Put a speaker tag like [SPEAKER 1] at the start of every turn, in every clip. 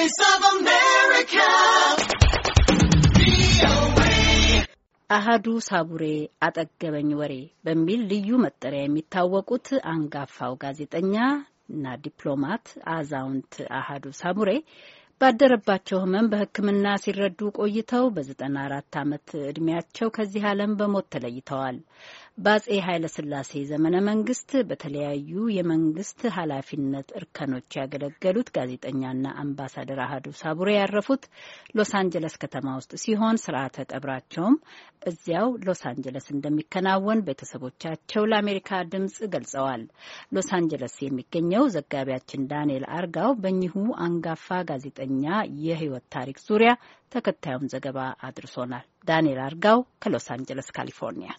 [SPEAKER 1] Voice of America. አህዱ ሳቡሬ አጠገበኝ ወሬ በሚል ልዩ መጠሪያ የሚታወቁት አንጋፋው ጋዜጠኛ እና ዲፕሎማት አዛውንት አህዱ ሳቡሬ ባደረባቸው ህመም በሕክምና ሲረዱ ቆይተው በ94 ዓመት ዕድሜያቸው ከዚህ ዓለም በሞት ተለይተዋል። በአጼ ሥላሴ ዘመነ መንግስት በተለያዩ የመንግስት ኃላፊነት እርከኖች ያገለገሉት ጋዜጠኛና አምባሳደር አህዱ ሳቡሬ ያረፉት ሎስ አንጀለስ ከተማ ውስጥ ሲሆን ስርዓተ ቀብራቸውም እዚያው ሎስ አንጀለስ እንደሚከናወን ቤተሰቦቻቸው ለአሜሪካ ድምጽ ገልጸዋል። ሎስ አንጀለስ የሚገኘው ዘጋቢያችን ዳንኤል አርጋው በእኚሁ አንጋፋ ጋዜጠኛ ጋዜጠኛ የህይወት ታሪክ ዙሪያ ተከታዩን ዘገባ አድርሶናል። ዳንኤል አርጋው ከሎስ አንጀለስ ካሊፎርኒያ።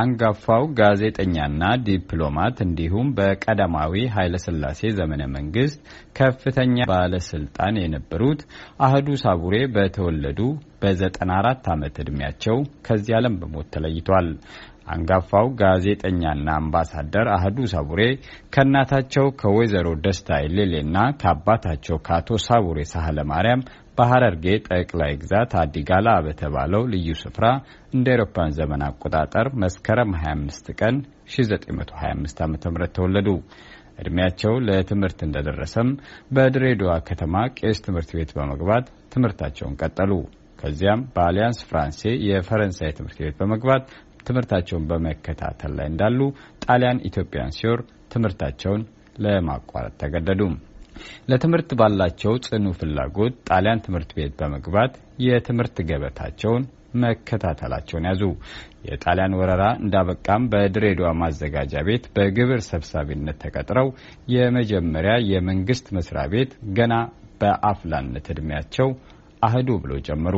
[SPEAKER 2] አንጋፋው ጋዜጠኛና ዲፕሎማት እንዲሁም በቀዳማዊ ኃይለሥላሴ ዘመነ መንግስት ከፍተኛ ባለስልጣን የነበሩት አህዱ ሳቡሬ በተወለዱ በ94 ዓመት ዕድሜያቸው ከዚህ ዓለም በሞት ተለይቷል። አንጋፋው ጋዜጠኛና አምባሳደር አህዱ ሳቡሬ ከእናታቸው ከወይዘሮ ደስታ ኢሌሌና ከአባታቸው ከአቶ ሳቡሬ ሳህለ ማርያም በሐረርጌ ጠቅላይ ግዛት አዲጋላ በተባለው ልዩ ስፍራ እንደ ኤሮፓን ዘመን አቆጣጠር መስከረም 25 ቀን 1925 ዓ ም ተወለዱ። እድሜያቸው ለትምህርት እንደደረሰም በድሬዳዋ ከተማ ቄስ ትምህርት ቤት በመግባት ትምህርታቸውን ቀጠሉ። ከዚያም በአሊያንስ ፍራንሴ የፈረንሳይ ትምህርት ቤት በመግባት ትምህርታቸውን በመከታተል ላይ እንዳሉ ጣሊያን ኢትዮጵያን ሲወር ትምህርታቸውን ለማቋረጥ ተገደዱ። ለትምህርት ባላቸው ጽኑ ፍላጎት ጣሊያን ትምህርት ቤት በመግባት የትምህርት ገበታቸውን መከታተላቸውን ያዙ። የጣሊያን ወረራ እንዳበቃም በድሬዳዋ ማዘጋጃ ቤት በግብር ሰብሳቢነት ተቀጥረው የመጀመሪያ የመንግስት መስሪያ ቤት ገና በአፍላነት እድሜያቸው አህዱ ብለው ጀመሩ።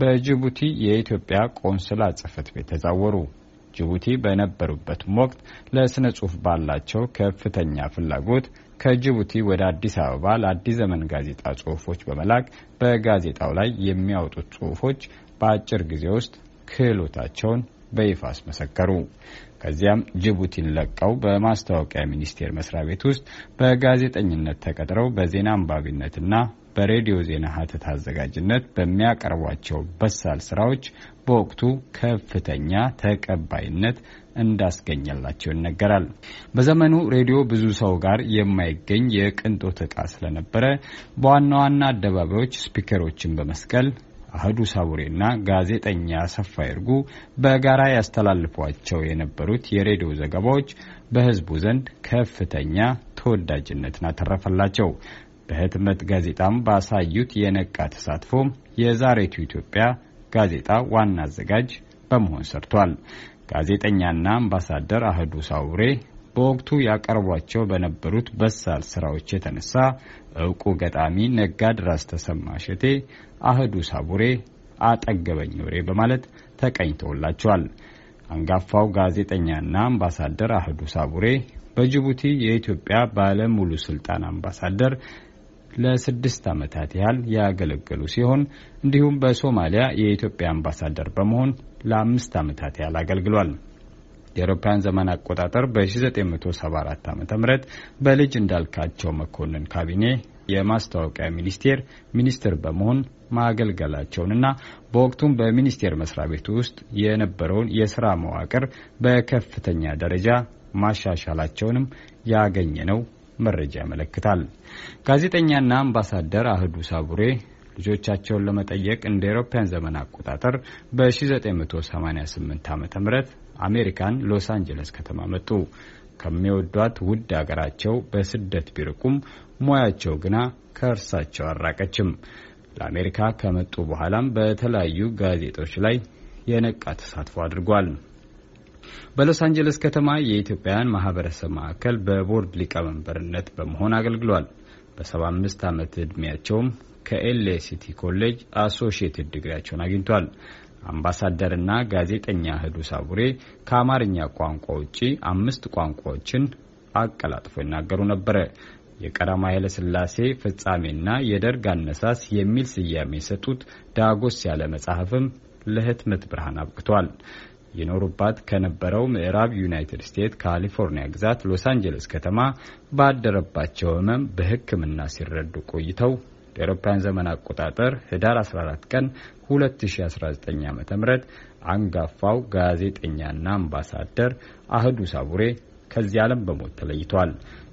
[SPEAKER 2] በጅቡቲ የኢትዮጵያ ቆንስላ ጽህፈት ቤት ተዛወሩ። ጅቡቲ በነበሩበትም ወቅት ለስነ ጽሁፍ ባላቸው ከፍተኛ ፍላጎት ከጅቡቲ ወደ አዲስ አበባ ለአዲስ ዘመን ጋዜጣ ጽሁፎች በመላክ በጋዜጣው ላይ የሚያወጡት ጽሁፎች በአጭር ጊዜ ውስጥ ክህሎታቸውን በይፋ አስመሰከሩ። ከዚያም ጅቡቲን ለቀው በማስታወቂያ ሚኒስቴር መስሪያ ቤት ውስጥ በጋዜጠኝነት ተቀጥረው በዜና አንባቢነትና በሬዲዮ ዜና ሀተት አዘጋጅነት በሚያቀርቧቸው በሳል ስራዎች በወቅቱ ከፍተኛ ተቀባይነት እንዳስገኘላቸው ይነገራል። በዘመኑ ሬዲዮ ብዙ ሰው ጋር የማይገኝ የቅንጦት ዕቃ ስለነበረ በዋና ዋና አደባባዮች ስፒከሮችን በመስቀል አህዱ ሳቡሬና ጋዜጠኛ አሰፋ ይርጉ በጋራ ያስተላልፏቸው የነበሩት የሬዲዮ ዘገባዎች በህዝቡ ዘንድ ከፍተኛ ተወዳጅነትን አተረፈላቸው። በህትመት ጋዜጣም ባሳዩት የነቃ ተሳትፎ የዛሬቱ ኢትዮጵያ ጋዜጣ ዋና አዘጋጅ በመሆን ሰርቷል። ጋዜጠኛና አምባሳደር አህዱ ሳውሬ በወቅቱ ያቀርቧቸው በነበሩት በሳል ስራዎች የተነሳ እውቁ ገጣሚ ነጋድራስ ተሰማ እሸቴ አህዱ ሳቡሬ አጠገበኝ ወሬ በማለት ተቀኝተውላቸዋል። አንጋፋው ጋዜጠኛና አምባሳደር አህዱ ሳቡሬ በጅቡቲ የኢትዮጵያ ባለሙሉ ስልጣን አምባሳደር ለስድስት ዓመታት ያህል ያገለገሉ ሲሆን እንዲሁም በሶማሊያ የኢትዮጵያ አምባሳደር በመሆን ለአምስት ዓመታት ያህል አገልግሏል። የአውሮፓውያን ዘመን አቆጣጠር በ1974 ዓ ም በልጅ እንዳልካቸው መኮንን ካቢኔ የማስታወቂያ ሚኒስቴር ሚኒስትር በመሆን ማገልገላቸውንና በወቅቱም በሚኒስቴር መስሪያ ቤቱ ውስጥ የነበረውን የስራ መዋቅር በከፍተኛ ደረጃ ማሻሻላቸውንም ያገኘ ነው መረጃ ያመለክታል። ጋዜጠኛና አምባሳደር አህዱ ሳቡሬ ልጆቻቸውን ለመጠየቅ እንደ ኤሮፓያን ዘመን አቆጣጠር በ1988 ዓ ም አሜሪካን ሎስ አንጀለስ ከተማ መጡ። ከሚወዷት ውድ አገራቸው በስደት ቢርቁም ሙያቸው ግና ከእርሳቸው አልራቀችም። ለአሜሪካ ከመጡ በኋላም በተለያዩ ጋዜጦች ላይ የነቃ ተሳትፎ አድርጓል። በሎስ አንጀለስ ከተማ የኢትዮጵያውያን ማህበረሰብ ማዕከል በቦርድ ሊቀመንበርነት በመሆን አገልግሏል። በ75 ዓመት ዕድሜያቸውም ከኤልኤ ሲቲ ኮሌጅ አሶሽየትድ ዲግሪያቸውን አግኝቷል። አምባሳደርና ጋዜጠኛ ህዱ ሳቡሬ ከአማርኛ ቋንቋ ውጪ አምስት ቋንቋዎችን አቀላጥፎ ይናገሩ ነበረ። የቀዳማዊ ኃይለ ሥላሴ ፍጻሜና የደርግ አነሳስ የሚል ስያሜ የሰጡት ዳጎስ ያለ መጽሐፍም ለህትመት ብርሃን አብቅቷል። ይኖሩባት ከነበረው ምዕራብ ዩናይትድ ስቴትስ ካሊፎርኒያ ግዛት ሎስ አንጀለስ ከተማ ባደረባቸው ህመም በሕክምና ሲረዱ ቆይተው የአውሮፓውያን ዘመን አቆጣጠር ህዳር 14 ቀን 2019 ዓ.ም አንጋፋው ጋዜጠኛና አምባሳደር አህዱ ሳቡሬ ከዚህ ዓለም በሞት ተለይቷል።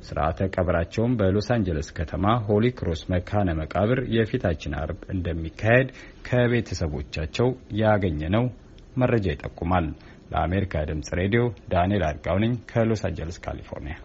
[SPEAKER 2] ስርዓተ ቀብራቸውም በሎስ አንጀለስ ከተማ ሆሊ ክሮስ መካነ መቃብር የፊታችን አርብ እንደሚካሄድ ከቤተሰቦቻቸው ያገኘ ነው መረጃ ይጠቁማል። ለአሜሪካ ድምጽ ሬዲዮ ዳንኤል አርጋው ነኝ ከሎስ አንጀለስ ካሊፎርኒያ።